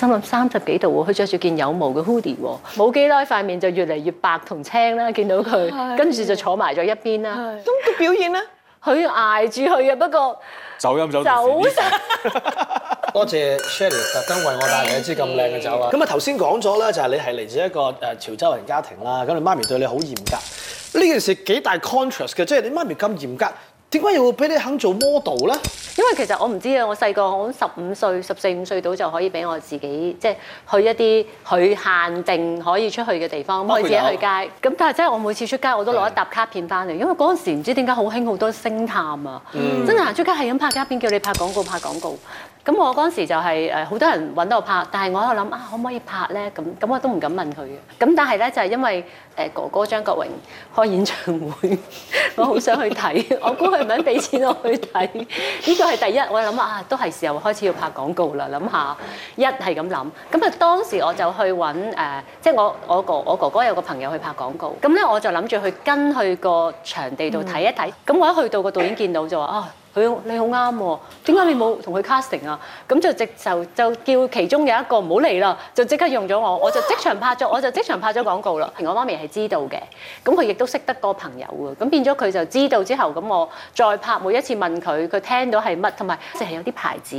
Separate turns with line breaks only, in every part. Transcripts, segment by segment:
心諗三十幾度佢着住件有毛嘅 hoodie 喎，冇幾耐塊面就越嚟越白同青啦，見到佢，的跟住就坐埋咗一邊啦。咁嘅的表現咧，佢捱住佢嘅，不過
走音走走
很。
多謝 Shelly 特登為我帶嚟一支咁靚嘅酒啊！咁啊頭先講咗啦，就係、是、你係嚟自一個誒潮州人家庭啦。咁你媽咪對你好嚴格，呢件事幾大 contrast 嘅，即、就、係、是、你媽咪咁嚴格。點解又會俾你肯做 model 咧？
因為其實我唔知啊，我細個我十五歲、十四五歲到就可以俾我自己，即係去一啲佢限定可以出去嘅地方，可以自己去街。咁但係真係我每次出街我都攞一沓卡片翻嚟，的因為嗰陣時唔知點解好興好多星探啊！嗯、真係行出街係咁拍卡片，叫你拍廣告，拍廣告。咁我嗰陣時就係誒好多人揾我拍，但係我喺度諗啊，可唔可以拍咧？咁咁我都唔敢問佢嘅。咁但係咧就係因為誒哥哥張國榮開演唱會，我好想去睇。我估佢唔肯俾錢我去睇，呢個係第一。我諗啊，都係時候開始要拍廣告啦。諗下一係咁諗，咁啊當時我就去揾誒，即係我我哥我哥哥有個朋友去拍廣告，咁咧我就諗住去跟去個場地度睇一睇。咁我一去到個導演見到就話哦。佢你好啱喎，點解你冇同佢 casting 啊？咁就直就就叫其中有一個唔好嚟啦，就即刻用咗我，我就即場拍咗， 我就即場拍咗廣告啦。 我媽咪係知道嘅，咁佢亦都識得個朋友嘅，咁變咗佢就知道之後，咁我再拍每一次問佢，佢聽到係乜，同埋成係有啲牌子，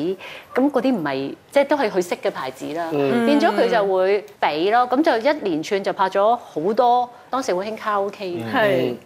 咁嗰啲唔係即係都係佢識嘅牌子啦。嗯、變咗佢就會俾咯，咁就一連串就拍咗好多。當時會興卡拉 OK 嘅、嗯。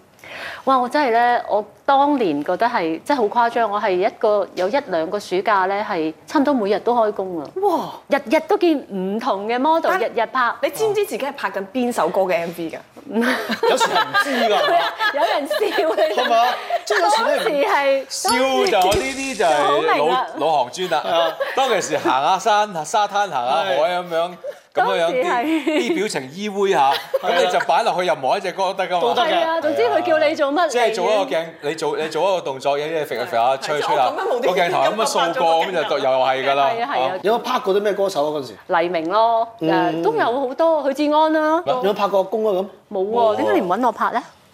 哇！我真係咧，我當年覺得係真係好誇張。我係一個有一兩個暑假咧，係差唔多每日都開工都啊！哇！日日都見唔同嘅 model，日日拍。你知唔知自己係拍緊邊首歌嘅 MV 㗎？ 有時唔知㗎。 有人笑你。好嗱，嗰時係笑咗呢
啲就係老老行專啦。當其時行下山、啊、沙灘行、啊、行下海咁樣。咁樣啲表情依偎下，咁你就擺落去任何一隻歌都得㗎嘛。都係啊，
總之佢叫你做乜。即係做一個鏡，
你做你做一個動作，有啲嘢揈啊揈下，吹啊吹下，個鏡頭咁樣掃過咁就又係
㗎啦。有冇拍過啲咩歌手啊？嗰陣時黎明咯，都有好多許志安啊，有冇拍過阿公啊咁？冇喎，點解你唔揾我拍咧？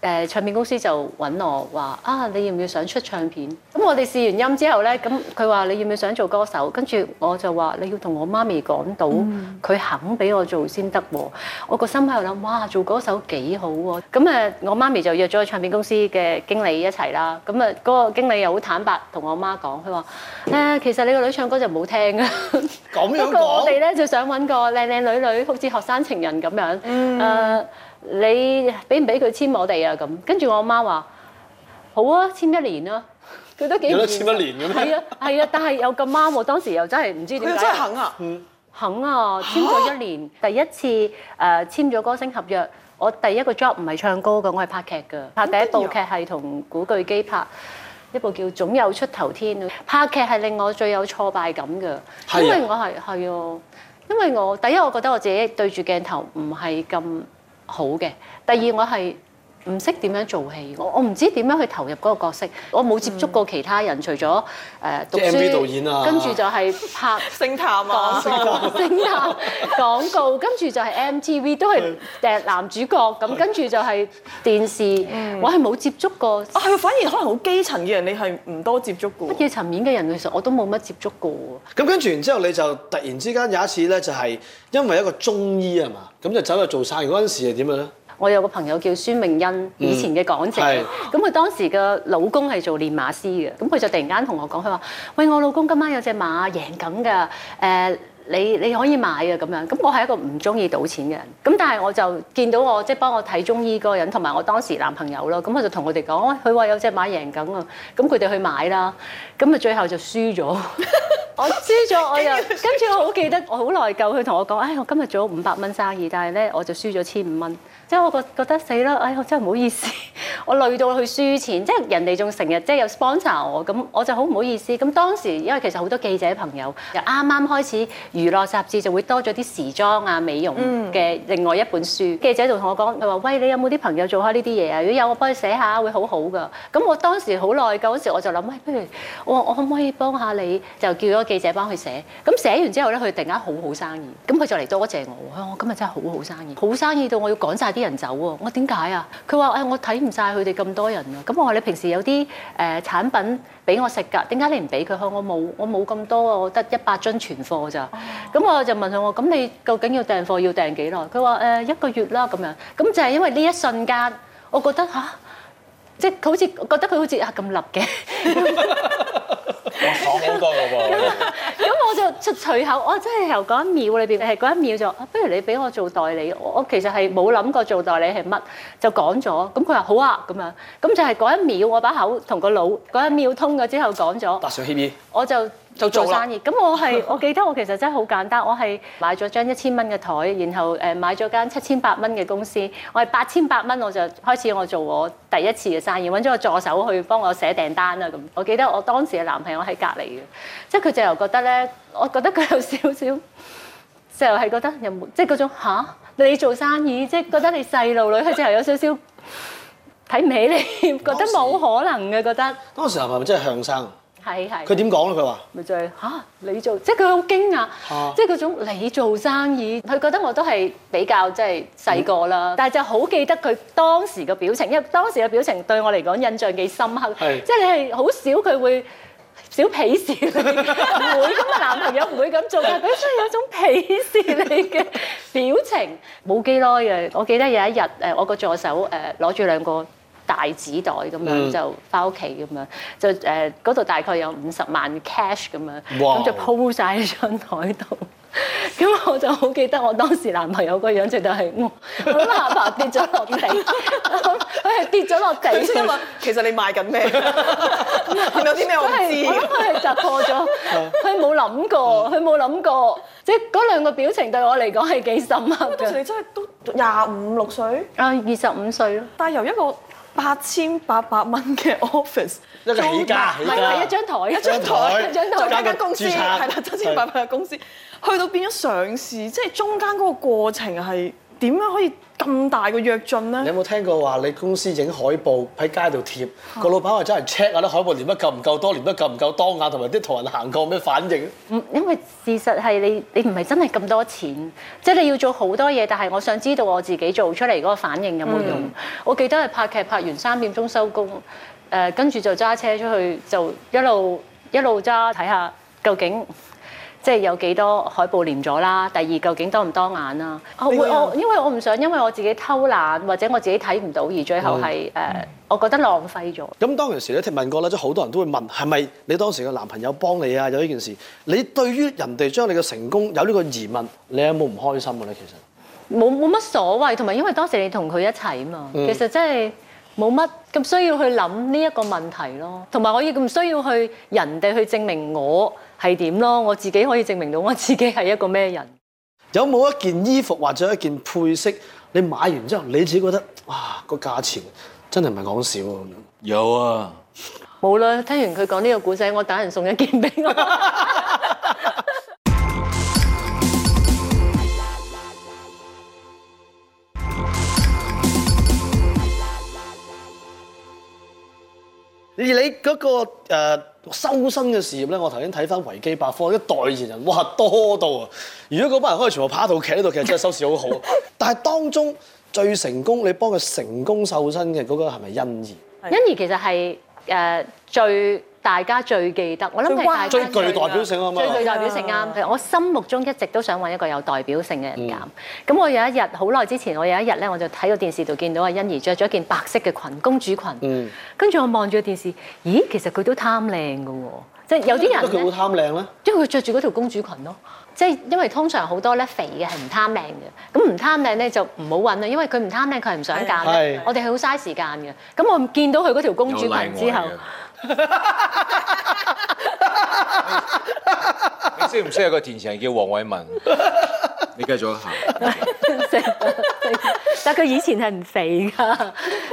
誒唱片公司就揾我話啊，你要唔要想出唱片？咁我哋試完音之後呢，咁佢話你要唔要想做歌手？跟住我就話你要同我媽咪講到，佢肯俾我做先得喎。我個心喺度諗，哇，做歌手幾好喎！咁誒，我媽咪就約咗個唱片公司嘅經理一齊啦。咁誒，嗰個經理又好坦白同我媽講，佢話誒其實你個女唱歌就唔好聽啊。咁樣講，不過我哋呢就想揾個靚靚女女，好似學生情人咁樣誒。嗯你俾唔俾佢簽我哋啊？咁跟住我阿媽話：好啊，簽一年啦，啊。佢都幾有得簽一年咁咩？係啊，係啊。但係又咁啱，我當時又真係唔知點解佢真係肯啊！肯啊，簽咗一年。啊、第一次誒、呃、簽咗歌星合約，我第一個 job 唔係唱歌噶，我係拍劇噶。拍第一部劇係同古巨基拍一部叫《總有出頭天》。拍劇係令我最有挫敗感噶，因為我係係哦，因為我，因為我第一我覺得我自己對住鏡頭唔係咁。好嘅，第二我係唔識點樣做戲，我我唔知點樣去投入嗰個角色，我冇接觸過其他人，除咗誒讀 M V 導演啊，跟住就係拍星探啊，星探廣告，跟住就係 M T V 都係誒男主角咁，跟住就係電視，我係冇接觸過。啊係啊，反而可能好基層嘅人，你係唔多接觸過，乜嘢層面嘅人其實我都冇乜接觸過。
咁跟住然之後你就突然之間有一次咧，就係因為一個中醫啊嘛，咁就走去做生意，嗰陣時係點樣咧？
我有個朋友叫孫明恩，以前嘅港姐，咁佢、嗯、當時嘅老公係做練馬師嘅，咁佢就突然間同我講，佢話：喂，我老公今晚有隻馬贏緊㗎，誒、呃，你你可以買啊咁樣。咁我係一個唔中意賭錢嘅人，咁但係我就見到我即係、就是、幫我睇中醫嗰個人同埋我當時男朋友咯，咁我就同佢哋講，佢話有隻馬贏緊啊，咁佢哋去買啦，咁啊最後就輸咗， 我輸咗我又，跟住我好記得，我好內疚，佢同我講：誒、哎，我今日做五百蚊生意，但係咧我就輸咗千五蚊。即係我覺覺得死啦！哎呀，我真係唔好意思，我累到去輸錢。即係人哋仲成日即係有 sponsor 我咁，我就好唔好意思。咁當時因為其實好多記者朋友就啱啱開始娛樂雜誌，就會多咗啲時裝啊、美容嘅另外一本書。記者就同我講：佢話喂，你有冇啲朋友做開呢啲嘢啊？如果有，我幫你寫下會好好噶。咁我當時好耐㗎嗰時，我就諗喂，不如我我可唔可以幫下你？就叫咗個記者幫佢寫。咁寫完之後咧，佢突然間好好生意。咁佢就嚟多謝我，佢話我今日真係好好生意，好生意到我要趕曬啲人走喎，我點解啊？佢話誒，我睇唔晒佢哋咁多人啊！咁我話你平時有啲誒產品俾我食噶，點解你唔俾佢？我我冇，我冇咁多，我得一百樽存貨咋？咁我就問佢我咁你究竟要訂貨要訂幾耐？佢話誒，一個月啦咁樣。咁就係因為呢一瞬間，我覺得嚇，即係佢好似覺得佢好似啊咁立嘅。我講緊歌嘅噃。隨口我真係由嗰一秒裏邊，係嗰一秒就，不如你俾我做代理，我其實係冇諗過做代理係乜，就講咗，咁佢話好啊咁樣，咁就係嗰一秒我把口同個腦，嗰一秒通咗之後講咗。達上天意。我就。做做生意咁，我係我記得我其實真係好簡單。我係買咗張一千蚊嘅枱，然後誒買咗間七千八蚊嘅公司。我係八千八蚊，我就開始我做我第一次嘅生意，揾咗個助手去幫我寫訂單啦。咁我記得我當時嘅男朋友喺隔籬嘅，即係佢就又覺得咧，我覺得佢有少少，就係覺得有冇即係嗰種嚇你做生意，即係覺得你細路女，佢就又有少少睇唔起你，覺得冇可能嘅。覺得
當時候係咪真係向生？
係係。佢點講咧？佢話咪就係嚇你做，即係佢好驚訝，即係嗰種你做生意，佢覺得我都係比較即係細個啦。但係就好記得佢當時嘅表情，因為當時嘅表情對我嚟講印象幾深刻。係即係你係好少佢會少鄙視你，唔會咁嘅，男朋友唔會咁做嘅，佢真係有種鄙視你嘅表情。冇幾耐嘅，我記得有一日誒，我個助手誒攞住兩個。大紙袋咁樣就返屋企咁樣，就誒嗰度大概有五十萬 cash 咁 Wow. 樣，咁就鋪晒喺張枱度。咁我就好記得我當時男朋友個樣就，就係我我下巴跌咗落地，佢係跌咗落地先嘛。其實你賣緊咩？突 有啲咩我唔知。真係真係突破咗，佢冇諗過，佢冇諗過，即係嗰兩個表情對我嚟講係幾深刻嘅。當時你真係都廿五六歲啊，二十五歲咯。但係由一個。八千八百蚊嘅 office，一個椅架，唔係一張台，一張台，一張台，一間公司，係啦殺，七千八百
嘅公司，是去到變咗上市，即係中間嗰個過程係。點樣可以咁大個躍進咧？你有冇聽過話你公司影海報喺街度貼，個老闆話真係 check 下啲海報，連得夠唔夠多，連得夠唔夠當眼，同埋啲途人行過咩反應？
嗯，因為事實係你你唔係真係咁多錢，即係你要做好多嘢。但係我想知道我自己做出嚟嗰個反應有冇用？嗯，我記得係拍劇拍完三點鐘收工，誒跟住就揸車出去，就一路一路揸睇下究竟。即係有幾多海報粘咗啦？第二究竟多唔多眼啦，啊？我會我因為我唔想因為我自己偷懶或者我自己睇唔到而最後係誒、嗯呃，我覺得浪費咗。
咁、嗯、當時咧聽問過咧，即係好多人都會問係咪你當時嘅男朋友幫你啊？有呢件事，你對於人哋將你嘅成功有呢個疑問，你有冇唔開心嘅咧？其實
冇冇乜所謂，同埋因為當時你同佢一齊啊嘛，嗯、其實真係冇乜咁需要去諗呢一個問題咯。同埋我亦唔需要去人哋去證明我。係點咯？我自己可以證明到我自己係一個咩人。有冇一
件衣服或者一件配飾，你買完之後你自己覺得哇，個價錢真係唔係講笑啊？有啊，
冇啦！聽完佢講呢個故仔，我打人送一件俾我。
而 你嗰、嗰個、呃修身嘅事業咧，我頭先睇翻維基百科，一代言人，哇多到啊！如果嗰班人可以全部拍一套劇喺度，其實真係收視好好。 但係當中最成功，你幫佢成功瘦身嘅嗰個係咪欣宜？是
的 欣宜其實係誒最。大家最記得，我諗係最具代表性啊嘛，最具代表性啱。啊、我心目中一直都想揾一個有代表性嘅人揀。咁我有一日好耐之前，我有一日咧，我就睇個電視度見到阿欣宜着咗件白色嘅裙，公主裙。跟住、嗯、我望住個電視，咦？其實佢都貪靚㗎喎，即、就、係、是、有啲人佢好貪靚咧，因為佢着住嗰條公主裙咯。即係因為通常好多咧肥嘅係唔貪靚嘅，咁唔貪靚咧就唔好揾啦，因為佢唔貪靚，佢唔想嫁對 對 我哋係好嘥時間嘅。咁我見到佢嗰條公主裙之後。
你識唔識有個電視人叫黃偉文？你繼續行，
識， 但佢以前係唔肥噶，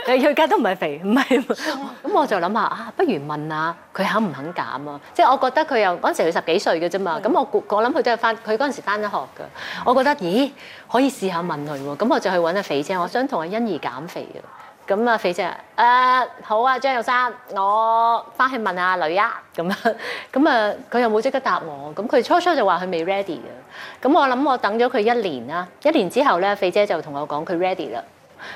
佢而家都唔係肥，唔係。咁 我就諗下啊，不如問下佢肯唔肯減啊？即 係我覺得佢又嗰陣時佢十幾歲嘅啫嘛。咁 我我諗佢都係返，佢嗰陣時返咗學噶。我覺得咦，可以試下問佢喎。咁我就去揾阿肥姐，我想同阿欣宜減肥啊。咁啊，肥姐，誒、呃、好啊，張玉珊，我翻去問下女啊，咁 啊、嗯，咁啊，佢又冇即刻答我。咁佢初初就話佢未 ready 嘅，咁、嗯、我諗我等咗佢一年啦，一年之後咧，肥姐就同我講佢 ready 啦。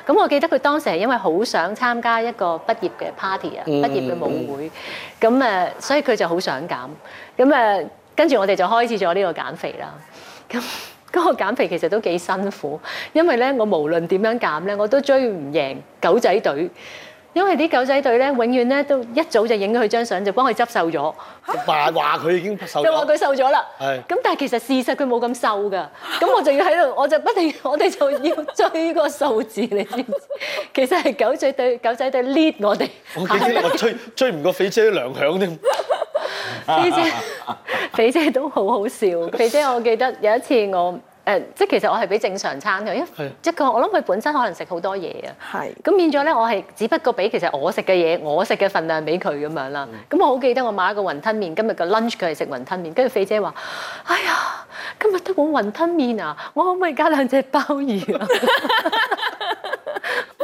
咁我記得佢當時係因為好想參加一個畢業嘅 party 啊，畢、嗯、業嘅舞會，咁誒，所以佢就好想減，咁誒，跟住我哋就開始咗呢個減肥啦，咁。嗰個減肥其實都幾辛苦，因為咧我無論點樣減咧，我都追唔贏狗仔隊，因為啲狗仔隊咧永遠咧都一早就影咗佢張相就幫佢執瘦咗。話
話佢已經瘦咗，又話佢瘦咗啦。係，
咁但係其實事實佢冇咁瘦㗎。咁我仲要喺度，我就不停，我哋就要追個數字，你知唔知？其實係狗仔隊，狗仔隊 lead 我哋。我驚我
追追唔過肥姐兩響添。肥姐，
肥姐都好好笑。肥 姐，我記得有一次我誒，即係其實我係俾正常餐嘅一一個，的我諗佢本身可能食好多嘢啊。係的。咁變咗咧，我係只不過俾其實我食嘅嘢，我食嘅份量俾佢咁樣啦。咁的我好記得我買一個雲吞麵，今日個 lunch 佢係食雲吞麵，跟住肥姐話：哎呀，今日得碗雲吞麵啊，我可唔可以加兩隻鮑魚啊？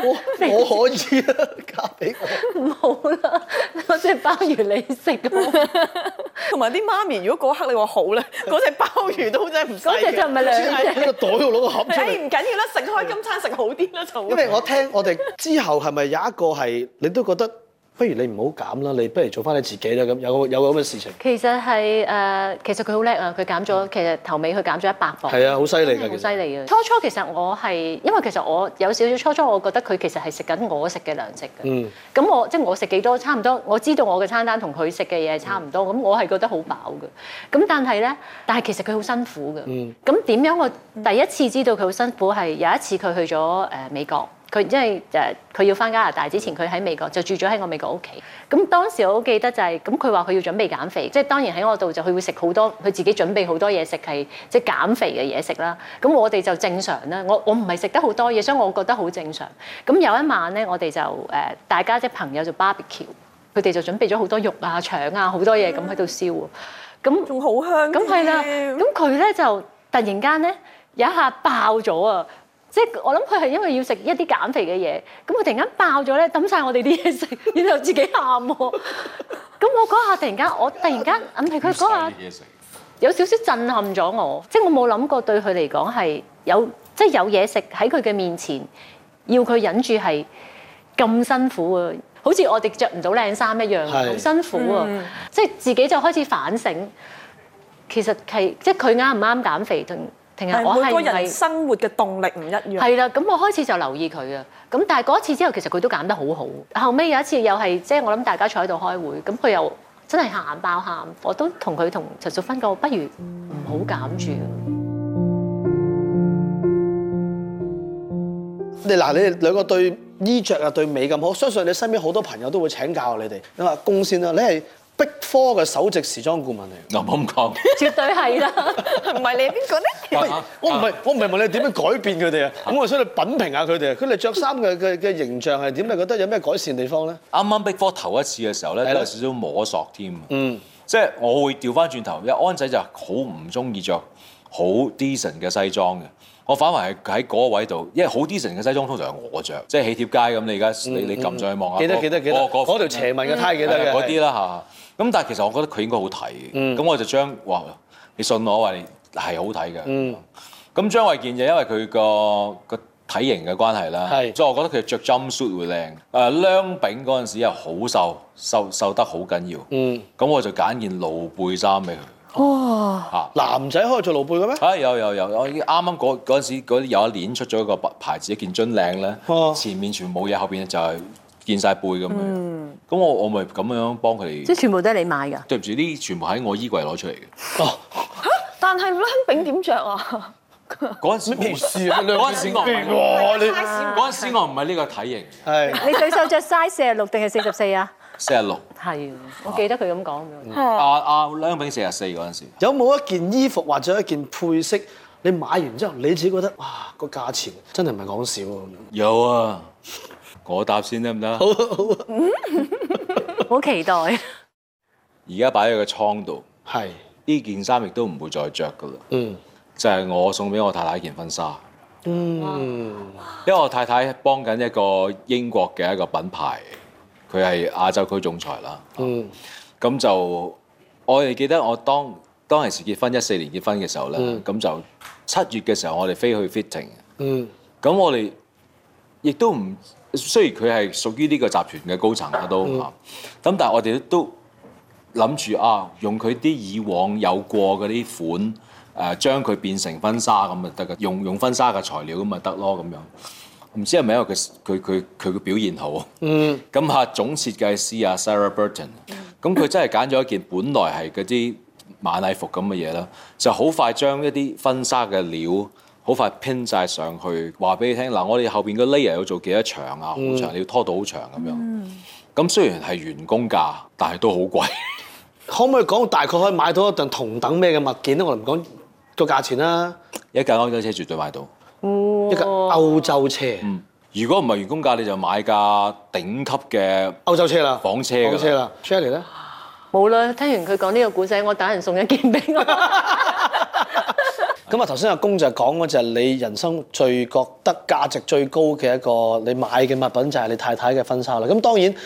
我可以啊，嫁俾我。冇啦， 嗰隻鮑魚你食
啊，同埋啲媽咪，如果嗰刻你話好咧，嗰隻鮑魚都好似唔使，嗰隻 就唔係兩隻，你個袋度攞個盒。誒、 哎，唔
緊要啦，食開今餐食好啲啦， 就。因為我聽
我哋之後係咪有一個係你都覺得？不如你唔好減啦，你不如做翻你自己啦咁，有個有咁嘅事情。
其實係誒、呃，其實佢好叻啊！佢減咗，其實頭尾佢減咗一百磅。係啊，
好犀利嘅，好犀
利嘅。初初其實我係，因為其實我有少少初初，我覺得佢其實係食緊我食嘅糧食嘅。嗯。咁我即係、就是、我食幾多，差唔多，我知道我嘅餐單同佢食嘅嘢係差唔多，咁、嗯、我係覺得好飽嘅。咁但係咧，但係其實佢好辛苦㗎。嗯。咁點樣我第一次知道佢好辛苦係有一次佢去咗誒美國。佢因為誒，佢要翻加拿大之前，佢喺美國就住咗喺我美國屋企。咁當時我好記得就係，咁佢話佢要準備減肥，即係當然喺我度就佢會食好多，佢自己準備好多嘢食係即係減肥嘅嘢食啦。咁我哋就正常啦。我我唔係食得好多嘢，所以我覺得好正常。咁有一晚咧，我哋就誒大家即朋友做 barbecue，佢哋就準備咗好多肉啊、腸啊、好多嘢咁喺度燒喎。咁仲好香咁係啦。咁佢咧就突然間咧有一下爆咗啊！即係我諗佢係因為要食一啲減肥嘅嘢，咁佢突然間爆咗咧，抌晒我哋啲嘢食，然後自己喊喎。咁 我嗰下突然間，我突然間，諗係佢嗰下有少少震撼咗我。即係我冇諗過對佢嚟講係有，即係有嘢食喺佢嘅面前，要佢忍住係咁辛苦啊，好似我哋着唔到靚衫一樣，好辛苦啊。嗯、即係自己就開始反省，其實係即係佢啱唔啱減肥同？係每個人生活嘅動力唔一樣係啦。咁我開始就留意佢啊。咁但係嗰一次之後，其實佢都減得好好。後尾有一次又係即係我諗大家坐喺度開會，咁佢又真係喊爆喊。我都同佢同陳淑芬講，不如唔好減住。嗯嗯、
你嗱，你哋兩個對衣着啊、對美咁好，相信你身邊好多朋友都會請教你哋。你話公先啊，你。碧 Big Four 嘅首席時裝顧問嚟，唔好咁講，絕對
係啦，唔係你係邊個咧？
我唔係，我唔係問你點樣改變佢哋啊，咁我想你品評下佢哋，佢哋着衫嘅嘅嘅形象係點？你覺得有咩改善地方咧？
啱啱 Big Four 頭一次嘅時候咧，都有少少摸索添，嗯，即係我會調翻轉頭，阿安仔就好唔中意着好 decent 嘅西裝嘅，我反為係喺嗰個位度，因為好 decent 嘅西裝通常係我着，即係喜帖街咁，你而家你你撳上去望下，記得記得記得，嗰條斜紋嘅 tie 記得嘅，嗰啲啦嚇。咁但係其實我覺得佢應該好睇嘅，咁、嗯、我就將哇你信我話你係好睇嘅。咁張衞健就因為佢個個體型嘅關係啦，是所以我覺得佢着 jumpsuit 會靚。誒，梁炳嗰陣時又好瘦，瘦瘦得好緊要。咁、嗯、我就揀件露背衫俾佢。哇、哦！嚇、啊，男仔可以做露背嘅咩？誒、啊，有有有，有，有，我啱啱嗰嗰陣時有一年出咗一個牌子一件樽領咧，哦、前面全冇嘢，後邊咧就係、是。見晒背咁樣，咁我我咪咁樣幫佢哋，即係全
部都係你買㗎？
對唔住，啲全部喺我衣櫃攞出嚟
嘅。但係梁炳點著啊？嗰
陣時冇事啊，嗰時我唔係呢個體型。係
你對手着 size 四十六定係四十四啊？四
十
六。
係， 我記得佢咁
講。係。阿 阿樂、啊啊、梁炳四十四嗰陣時。有冇一件衣服或者一件配飾，你買完之後你自己覺得啊，個價錢真係唔係講笑喎？
有啊。我先答先得唔得？
好，好， 期待。
而家擺喺個倉度，係呢是件衫亦都唔會再着噶啦。嗯，就係我送俾我太太一件婚紗。嗯，因為我太太幫緊一個英國嘅一個品牌，佢係亞洲區總裁啦。嗯，咁、啊、就我哋記得我當當時結婚，一四年結婚嘅時候咧，咁、嗯、就七月嘅時候我哋飛去 fitting。嗯，咁我哋亦都唔。雖然佢係屬於呢個集團嘅高層啦、嗯、都嚇，咁但係我哋都諗住啊，用佢啲以往有過嗰啲款，誒將佢變成婚紗咁咪得㗎，用用婚紗嘅材料咁咪得咯咁樣。唔知係咪因為佢佢佢佢嘅表現好，嗯，咁啊總設計師啊 Sarah Burton，咁佢、嗯、真係揀咗一件本來係嗰啲晚禮服咁嘅嘢啦，就好快將一啲婚紗嘅料。好快拼晒上去，話俾你聽嗱，我哋後邊個 layer 要做幾多長啊？好長，你要拖到好長咁
樣。咁雖然係員工價，但係都好貴。可唔可以講大概可以買到一頓同等咩嘅物件咧？我哋唔講個價錢啦。一架歐洲車絕對買到。嗯，
一架歐
洲車。如果唔係員工價，你就買架頂級嘅歐洲車啦，房車。房車啦。車嚟咧？
冇啦。聽完佢講呢個故仔，我打人送一件俾我。
咁啊，頭先阿公就講嗰就係你人生最覺得價值最高嘅一個你買嘅物品就係你太太嘅婚紗啦。咁當然，誒、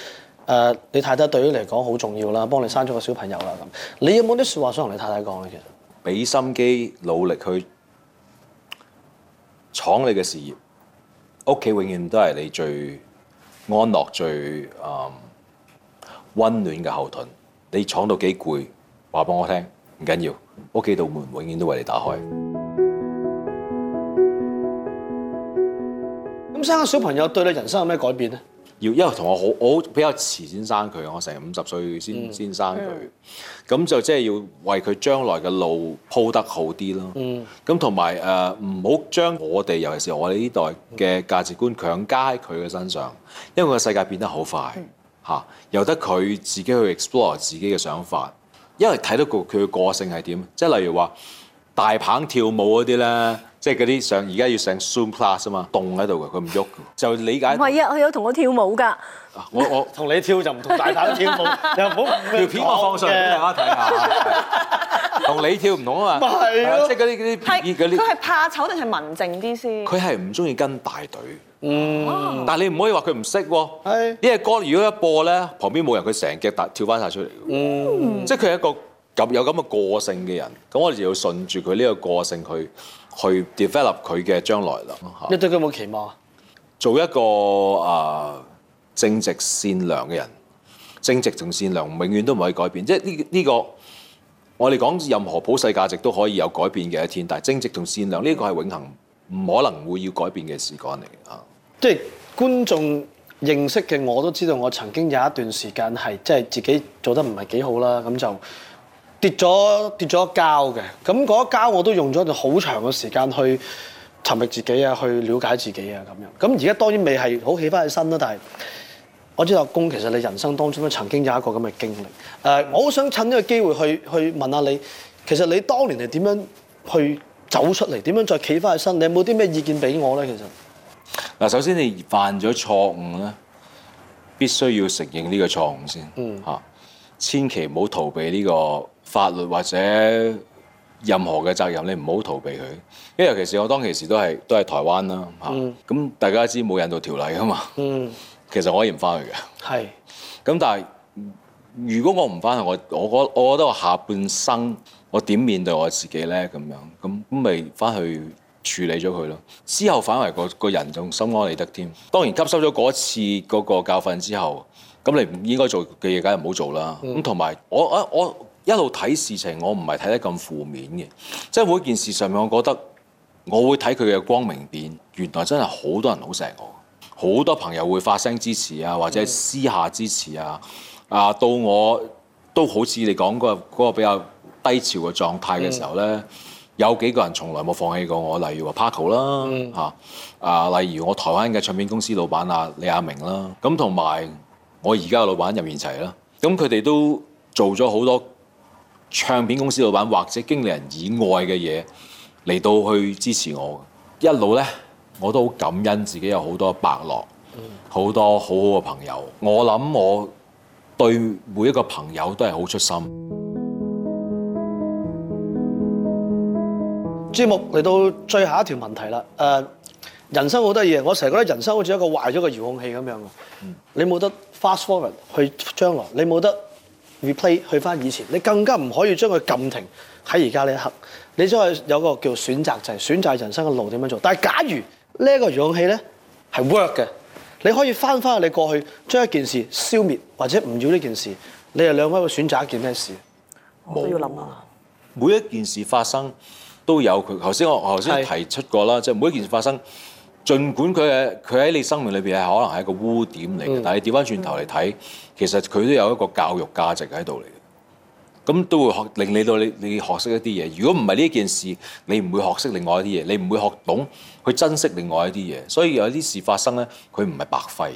呃、你太太對於你嚟講好重要啦，幫你生咗個小朋友啦。咁你有冇啲說話想同你太太講咧？其實
俾心機努力去闖你嘅事業，屋企永遠都係你最安樂最誒、呃、溫暖嘅後盾。你闖到幾攰，話俾我
聽，唔緊要，屋企道門永遠都為你打開。咁生個小朋友對你人生有咩改變咧？要因為同我
好，我比較遲先生佢，我成五十歲先先生佢。咁、嗯、就即係要為佢將來嘅路鋪得好啲咯。咁同埋誒，唔好、呃、將我哋，尤其是我哋呢代嘅價值觀強加喺佢嘅身上。因為個世界變得好快嚇，嗯、由得佢自己去 explore 自己嘅想法。因為睇到個佢嘅個性係點，即係例如話。大棒跳舞嗰啲咧，即係嗰啲上而家要上 soon plus 啊嘛，凍喺度嘅，佢唔喐就理解。唔
係啊，佢有同我跳舞㗎。我
同你跳就唔同。大棒跳舞就唔
好，條片我放上俾大家睇下。
同你跳唔同啊嘛。唔係即係嗰啲啲片啲。
佢係怕醜定係文靜
啲先？佢
係唔中意跟大隊。嗯。但係你唔可以話佢唔識喎。因為啲歌如果一播咧，旁邊冇人，佢成腳大跳翻晒出嚟。嗯。即係佢係一個。咁有咁嘅個,個性嘅人，咁我哋就要順住佢呢個個性去去 develop 佢嘅將來啦。嚇！你
對佢有冇期望
啊？做一個啊、呃、正直善良嘅人，正直同善良永遠都唔可以改變，即係呢呢個、這個、我哋講任何普世價值都可以有改變嘅一天，但係正直同善良呢、這個係永恆唔可能會要改變嘅事幹嚟嘅。嚇！
即係觀眾認識嘅我,我都知道，我曾經有一段時間係即係自己做得唔係幾好啦，咁就。跌咗跌咗一跤嘅，咁嗰一跤我都用咗好長嘅時間去尋覓自己啊，去了解自己啊，咁樣。咁而家當然未係好起翻起身啦，但係我知道阿公其實你人生當中咧曾經有一個咁嘅經歷。誒，我好想趁呢個機會去去問下你，其實你當年係點樣去走出嚟，點樣再企翻起身？你有冇啲咩意見俾我咧？其實
嗱，首先你犯咗錯誤咧，必須要承認呢個錯誤先嚇，嗯、千祈唔好逃避呢個法律或者任何嘅責任，你唔好逃避佢。因為其實我當其時都係都係台灣啦，嚇，咁大家知冇引渡條例噶嘛。其實我可以唔翻去嘅。係。咁但係如果我唔翻去，我我我我覺得我下半生我點面對我自己咧？咁樣咁咁咪翻去處理咗佢咯。之後反為個個人仲心安理得添。當然吸收咗嗰次嗰個教訓之後，咁你唔應該做嘅嘢梗係唔好做啦。咁同埋我啊我。我我我一路睇事情，我唔係睇得咁負面嘅，即係每件事上面，我覺得我會睇佢嘅光明面，原來真係好多人好錫我，好多朋友會發聲支持啊，或者私下支持啊。嗯、啊，到我都好似你講嗰、那個嗰、那個比較低潮嘅狀態嘅時候咧，嗯、有幾個人從來冇放棄過我，例如話 Paco 啦嚇、嗯、啊，例如我台灣嘅唱片公司老闆啊李亞明啦，咁同埋我而家嘅老闆入面齊啦，咁佢哋都做咗好多。唱片公司老闆或者經理人以外嘅嘢嚟到去支持我，一路呢，我都好感恩自己有好多伯樂，好多好好嘅朋友。我諗我對每一個朋友都係好出心。
節目嚟到最後一條問題啦。誒、呃，人生好得意啊！我成日覺得人生好似一個壞咗嘅遙控器咁樣啊。嗯、你冇得 fast forward 去將來，你冇得 replay 去翻以前，你更加唔可以將佢撳停喺而家呢一刻，你將去有個叫選擇，就係選擇人生嘅路點樣做。但係假如呢一個勇氣咧係 work 嘅，你可以翻翻去你過去將一件事消滅，或者唔要呢件事，你哋兩位會選擇一件咩事？都要諗啊！
每一件事發生都有佢。頭先我頭先提出過啦，即係每一件事發生。是儘管佢嘅佢喺你生命裏邊係可能係一個污點嚟嘅，嗯、但係調翻轉頭嚟睇，嗯、其實佢都有一個教育價值喺度嚟嘅。咁都會學令你到你你學識一啲嘢。如果唔係呢件事，你唔會學識另外一啲嘢，你唔會學懂去珍惜另外一啲嘢。所以有啲事發生咧，佢唔係白費嘅。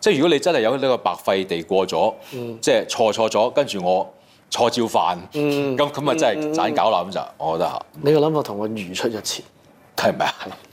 即係如果你真係有呢個白費地過咗，即係錯錯咗，跟住我錯照犯，咁咁咪
真係盞搞攬就，我覺得嚇。嗯、你個諗法同我如出一轍，係咪啊？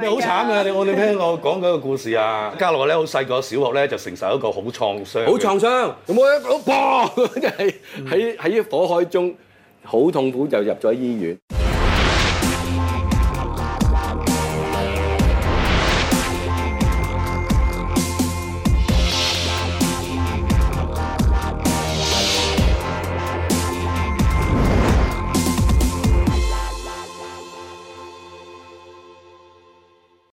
你好慘啊！你我哋聽我講嗰個故事啊，家 樂咧好細個，小學咧就承受一個好創傷。好創傷，有 冇樂？一個砰，真係喺喺火海中
好痛苦，就入咗醫院。